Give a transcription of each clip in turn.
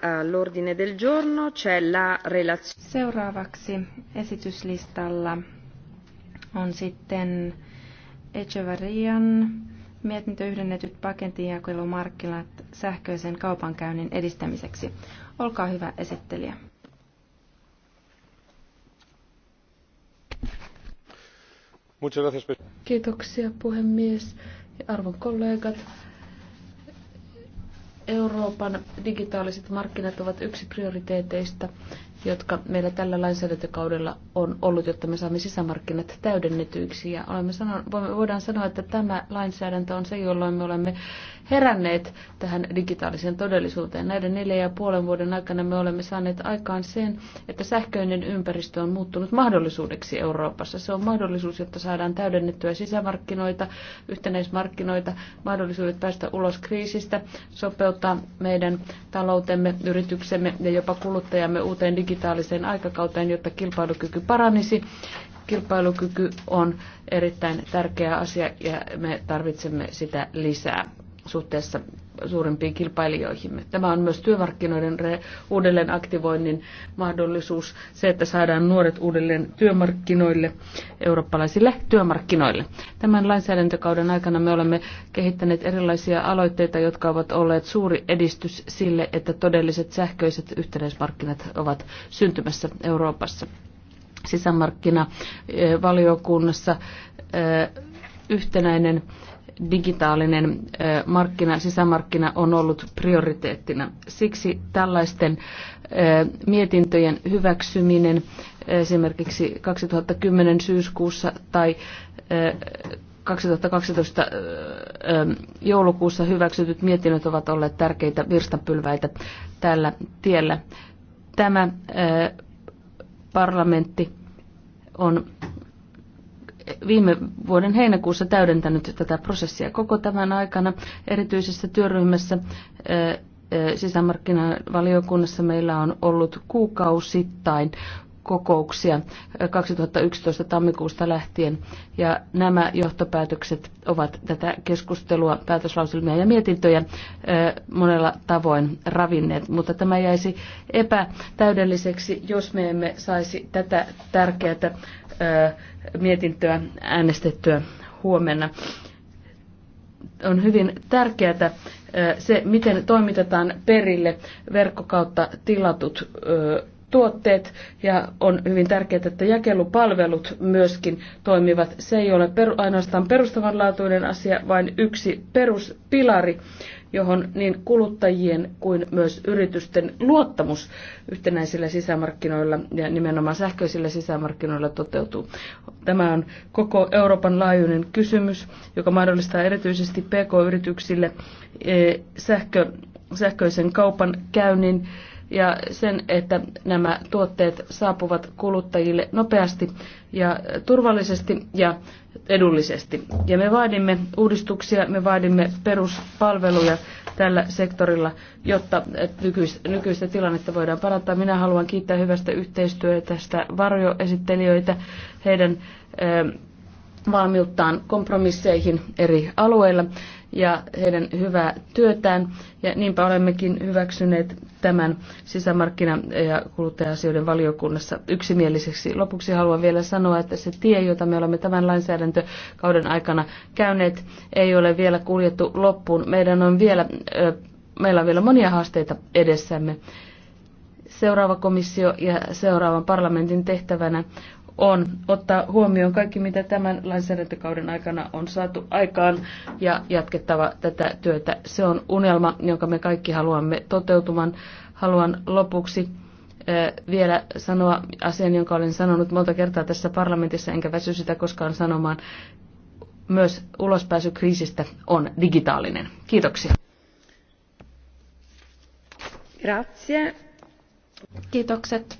all'ordine del giorno c'è la relazione. Seuraavaksi esityslistalla on sitten Echevarian mietintö yhdennetyt pakettijakelumarkkinat sähköisen kaupankäynnin edistämiseksi. Olkaa hyvä esittelijä. Kiitoksia puhemies ja arvon kollegat. Euroopan digitaaliset markkinat ovat yksi prioriteeteista, jotka meillä tällä lainsäädäntökaudella on ollut, jotta me saamme sisämarkkinat täydennetyiksi. Ja olemme sanon, voidaan sanoa, että tämä lainsäädäntö on se, jolloin me olemme heränneet tähän digitaaliseen todellisuuteen. Näiden neljä ja puolen vuoden aikana me olemme saaneet aikaan sen, että sähköinen ympäristö on muuttunut mahdollisuudeksi Euroopassa. Se on mahdollisuus, jotta saadaan täydennettyä sisämarkkinoita, yhtenäismarkkinoita, mahdollisuudet päästä ulos kriisistä, sopeuttaa muuttaa meidän taloutemme, yrityksemme ja jopa kuluttajamme uuteen digitaaliseen aikakauteen, jotta kilpailukyky paranisi. Kilpailukyky on erittäin tärkeä asia ja me tarvitsemme sitä lisää suhteessa suurempiin kilpailijoihimme. Tämä on myös työmarkkinoiden uudelleen aktivoinnin mahdollisuus, se, että saadaan nuoret uudelleen työmarkkinoille, eurooppalaisille työmarkkinoille. Tämän lainsäädäntökauden aikana me olemme kehittäneet erilaisia aloitteita, jotka ovat olleet suuri edistys sille, että todelliset sähköiset yhteismarkkinat ovat syntymässä Euroopassa. Sisämarkkinavaliokunnassa eh, yhtenäinen digitaalinen markkina, sisämarkkina on ollut prioriteettina. Siksi tällaisten mietintöjen hyväksyminen esimerkiksi 2010 syyskuussa tai 2012 joulukuussa hyväksytyt mietinnöt ovat olleet tärkeitä virstapylväitä tällä tiellä. Tämä parlamentti on viime vuoden heinäkuussa täydentänyt tätä prosessia koko tämän aikana. Erityisessä työryhmässä sisämarkkinavaliokunnassa meillä on ollut kuukausittain kokouksia 2011 tammikuusta lähtien. Ja nämä johtopäätökset ovat tätä keskustelua, päätöslauselmia ja mietintöjä monella tavoin ravinneet. Mutta tämä jäisi epätäydelliseksi, jos me emme saisi tätä tärkeää mietintöä äänestettyä huomenna. On hyvin tärkeää se, miten toimitetaan perille verkkokautta tilatut tuotteet ja on hyvin tärkeää, että jakelupalvelut myöskin toimivat. Se ei ole peru, ainoastaan perustavanlaatuinen asia, vaan yksi peruspilari, johon niin kuluttajien kuin myös yritysten luottamus yhtenäisillä sisämarkkinoilla ja nimenomaan sähköisillä sisämarkkinoilla toteutuu. Tämä on koko Euroopan laajuinen kysymys, joka mahdollistaa erityisesti PK-yrityksille eh, sähkö, sähköisen kaupan käynnin ja sen, että nämä tuotteet saapuvat kuluttajille nopeasti ja turvallisesti ja edullisesti. Ja me vaadimme uudistuksia, me vaadimme peruspalveluja tällä sektorilla, jotta nykyistä tilannetta voidaan parantaa. Minä haluan kiittää hyvästä tästä varjoesittelijöitä, heidän eh, valmiuttaan kompromisseihin eri alueilla ja heidän hyvää työtään. Ja niinpä olemmekin hyväksyneet tämän sisämarkkina- ja kuluttaja-asioiden valiokunnassa yksimieliseksi. Lopuksi haluan vielä sanoa, että se tie, jota me olemme tämän lainsäädäntökauden aikana käyneet, ei ole vielä kuljettu loppuun. Meidän on vielä, meillä on vielä monia haasteita edessämme. Seuraava komissio ja seuraavan parlamentin tehtävänä on ottaa huomioon kaikki, mitä tämän lainsäädäntökauden aikana on saatu aikaan ja jatkettava tätä työtä. Se on unelma, jonka me kaikki haluamme toteutuman. Haluan lopuksi eh, vielä sanoa asian, jonka olen sanonut monta kertaa tässä parlamentissa, enkä väsy sitä koskaan sanomaan. Myös ulospääsy kriisistä on digitaalinen. Kiitoksia. Grazie. Kiitokset.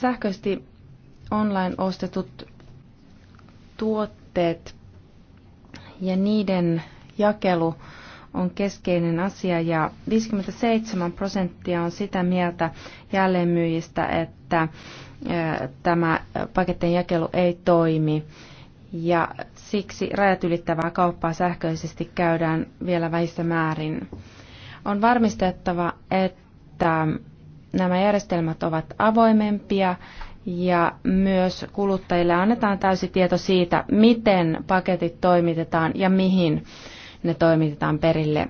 Sähköisesti online ostetut tuotteet ja niiden jakelu on keskeinen asia ja 57 prosenttia on sitä mieltä jälleenmyyjistä, että tämä paketin jakelu ei toimi ja siksi rajat ylittävää kauppaa sähköisesti käydään vielä väissä määrin. On varmistettava, että nämä järjestelmät ovat avoimempia ja myös kuluttajille annetaan täysi tieto siitä, miten paketit toimitetaan ja mihin ne toimitetaan perille.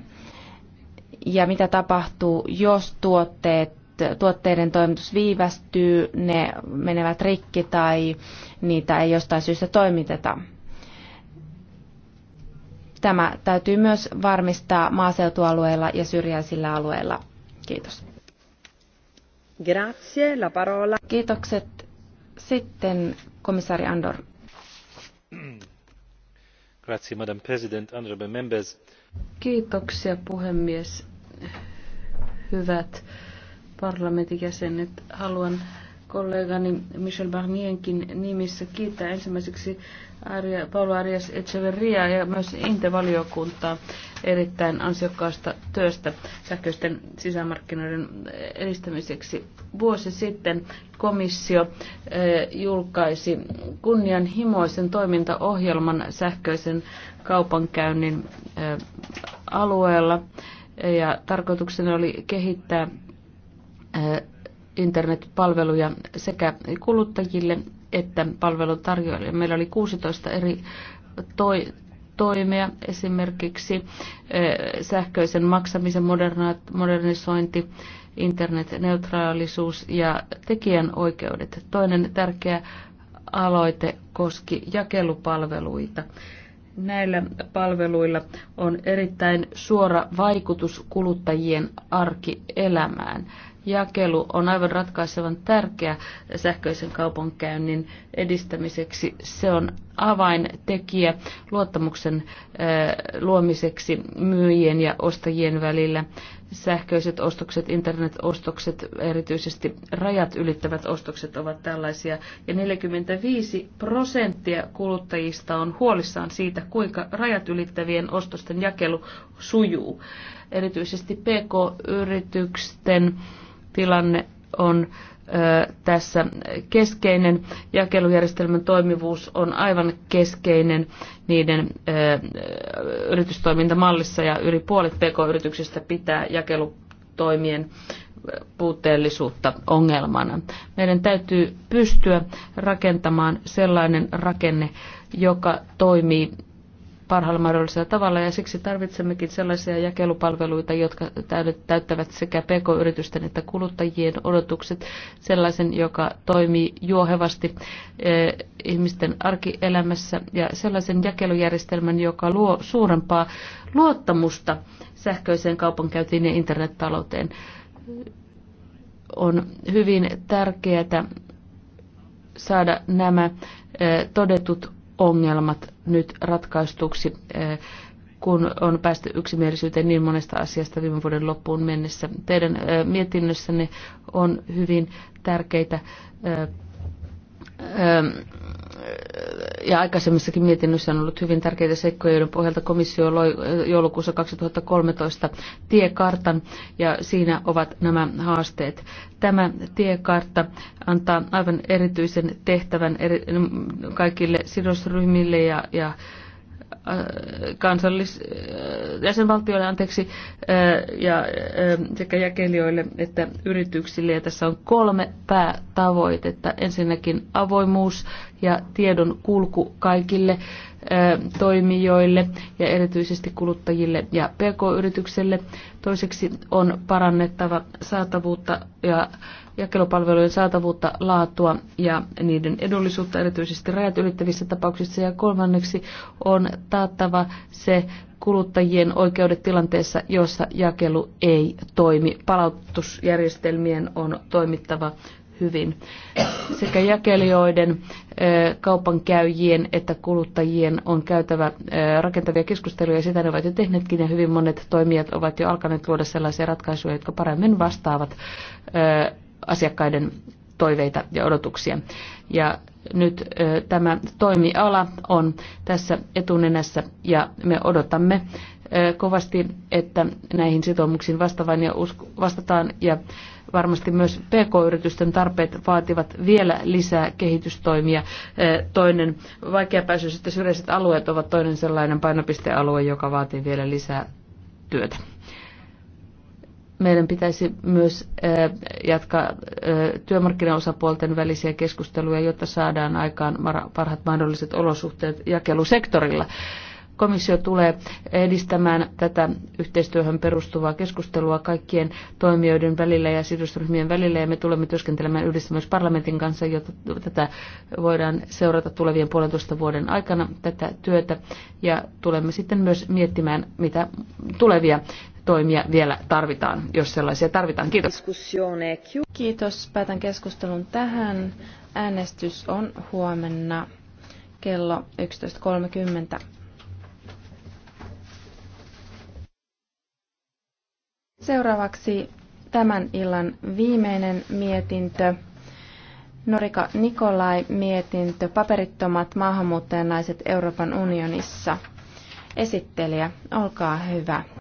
Ja mitä tapahtuu, jos tuotteet, tuotteiden toimitus viivästyy, ne menevät rikki tai niitä ei jostain syystä toimiteta. Tämä täytyy myös varmistaa maaseutualueilla ja syrjäisillä alueilla. Kiitos. Grazie, la parola. Kiitokset. Sitten komissaari Andor. Grazie, Madam President, honorable members. Kiitoksia, puhemies. Hyvät parlamentin jäsenet, haluan kollegani Michel Barnienkin nimissä kiittää ensimmäiseksi Arja, Paulo Arias Echeverria ja myös Intevaliokuntaa erittäin ansiokkaasta työstä sähköisten sisämarkkinoiden edistämiseksi. Vuosi sitten komissio eh, julkaisi kunnianhimoisen toimintaohjelman sähköisen kaupankäynnin eh, alueella ja tarkoituksena oli kehittää eh, internetpalveluja sekä kuluttajille että palveluntarjoajille. Meillä oli 16 eri toi, toimia, esimerkiksi eh, sähköisen maksamisen modernisointi, internetneutraalisuus ja tekijänoikeudet. Toinen tärkeä aloite koski jakelupalveluita. Näillä palveluilla on erittäin suora vaikutus kuluttajien arkielämään jakelu on aivan ratkaisevan tärkeä sähköisen kaupankäynnin edistämiseksi. Se on avaintekijä luottamuksen luomiseksi myyjien ja ostajien välillä. Sähköiset ostokset, internetostokset, erityisesti rajat ylittävät ostokset ovat tällaisia. Ja 45 prosenttia kuluttajista on huolissaan siitä, kuinka rajat ylittävien ostosten jakelu sujuu. Erityisesti PK-yritysten tilanne on tässä keskeinen. Jakelujärjestelmän toimivuus on aivan keskeinen niiden yritystoimintamallissa ja yli puolet pk-yrityksistä pitää jakelutoimien puutteellisuutta ongelmana. Meidän täytyy pystyä rakentamaan sellainen rakenne, joka toimii parhaalla mahdollisella tavalla ja siksi tarvitsemmekin sellaisia jakelupalveluita, jotka täyttävät sekä pk-yritysten että kuluttajien odotukset, sellaisen, joka toimii juohevasti eh, ihmisten arkielämässä ja sellaisen jakelujärjestelmän, joka luo suurempaa luottamusta sähköiseen kaupankäyntiin ja internettalouteen. On hyvin tärkeää saada nämä eh, todetut ongelmat nyt ratkaistuksi, eh, kun on päästy yksimielisyyteen niin monesta asiasta viime vuoden loppuun mennessä. Teidän eh, mietinnössänne on hyvin tärkeitä eh, ja aikaisemmissakin mietinnöissä on ollut hyvin tärkeitä seikkoja, joiden pohjalta komissio loi joulukuussa 2013 tiekartan ja siinä ovat nämä haasteet. Tämä tiekartta antaa aivan erityisen tehtävän eri, kaikille sidosryhmille ja, ja Äh, kansallis, äh, jäsenvaltioille anteeksi, äh, ja sekä jakelijoille että yrityksille. Ja tässä on kolme päätavoitetta. Ensinnäkin avoimuus ja tiedon kulku kaikille toimijoille ja erityisesti kuluttajille ja pk-yritykselle. Toiseksi on parannettava saatavuutta ja jakelupalvelujen saatavuutta, laatua ja niiden edullisuutta erityisesti rajat ylittävissä tapauksissa. Ja kolmanneksi on taattava se kuluttajien oikeudet tilanteessa, jossa jakelu ei toimi. Palautusjärjestelmien on toimittava hyvin. Sekä jakelijoiden, kaupankäyjien että kuluttajien on käytävä rakentavia keskusteluja, sitä ne ovat jo tehneetkin, ja hyvin monet toimijat ovat jo alkaneet luoda sellaisia ratkaisuja, jotka paremmin vastaavat asiakkaiden toiveita ja odotuksia. Ja nyt tämä toimiala on tässä etunenässä ja me odotamme kovasti, että näihin sitoumuksiin vastataan ja, vastataan ja varmasti myös PK-yritysten tarpeet vaativat vielä lisää kehitystoimia. Toinen vaikeapäisyyset että syrjäiset alueet ovat toinen sellainen painopistealue, joka vaatii vielä lisää työtä meidän pitäisi myös jatkaa työmarkkinaosapuolten välisiä keskusteluja, jotta saadaan aikaan parhaat mahdolliset olosuhteet jakelusektorilla. Komissio tulee edistämään tätä yhteistyöhön perustuvaa keskustelua kaikkien toimijoiden välillä ja sidosryhmien välillä, ja me tulemme työskentelemään yhdessä myös parlamentin kanssa, jotta tätä voidaan seurata tulevien puolentoista vuoden aikana tätä työtä, ja tulemme sitten myös miettimään, mitä tulevia toimia vielä tarvitaan, jos sellaisia tarvitaan. Kiitos. Kiitos. Päätän keskustelun tähän. Äänestys on huomenna kello 11.30. Seuraavaksi tämän illan viimeinen mietintö. Norika Nikolai mietintö Paperittomat maahanmuuttajanaiset Euroopan unionissa. Esittelijä, olkaa hyvä.